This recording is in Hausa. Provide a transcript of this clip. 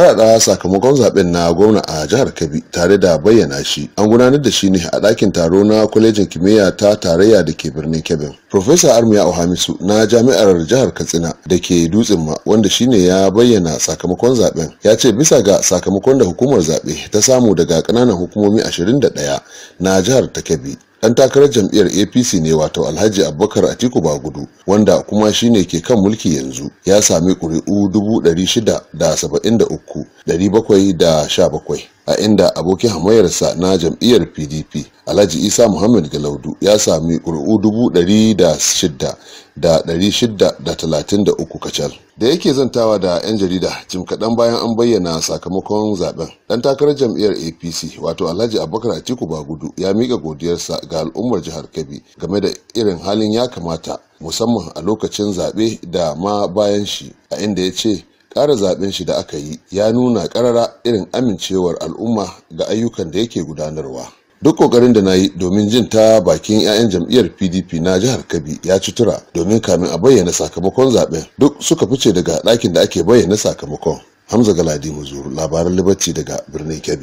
har sakamakon zaben na gwamna a jihar kabi tare da bayyana shi an gudanar da shi ne a ɗakin taro na kwalejin kimiyya ta tarayya da ke birnin kebin Profesa Armiya Ohamisu na jami'ar jihar Katsina da ke dutsen ma wanda shine ya bayyana sakamakon zaben ya ce bisa ga sakamakon da hukumar zaɓe ta samu daga ƙananan hukumomi 21 na jihar ta Kebbi. Ɗan takarar jam'iyyar APC ne wato Alhaji Abubakar Atiku Bagudu wanda kuma shine ke kan mulki yanzu ya sami ƙuri'u 673,717. a inda abokin hamayarsa na jam'iyyar pdp alhaji isa muhammad galaudu ya sami ƙuri'u dubu ɗari da da talatin da uku kacal da yake zantawa da 'yan jarida jim kaɗan bayan an bayyana sakamakon zaben ɗan takarar jam'iyyar apc wato alhaji abubakar atiku bagudu ya mika godiyarsa ga al'ummar jihar Kabi, game da irin halin ya kamata musamman a lokacin zaɓe da ma bayan shi a inda ya ce ƙara zaɓen shi da aka yi ya nuna ƙarara irin amincewar al'umma ga ayyukan da yake gudanarwa duk ƙoƙarin da na yi domin jin ta bakin 'ya'yan jam'iyyar pdp na jihar kabi ya ci tura domin kamin a bayyana sakamakon zaɓen duk suka fice daga ɗakin da ake bayyana sakamakon hamza galadi muzuru labaran libaci daga birnin kebbi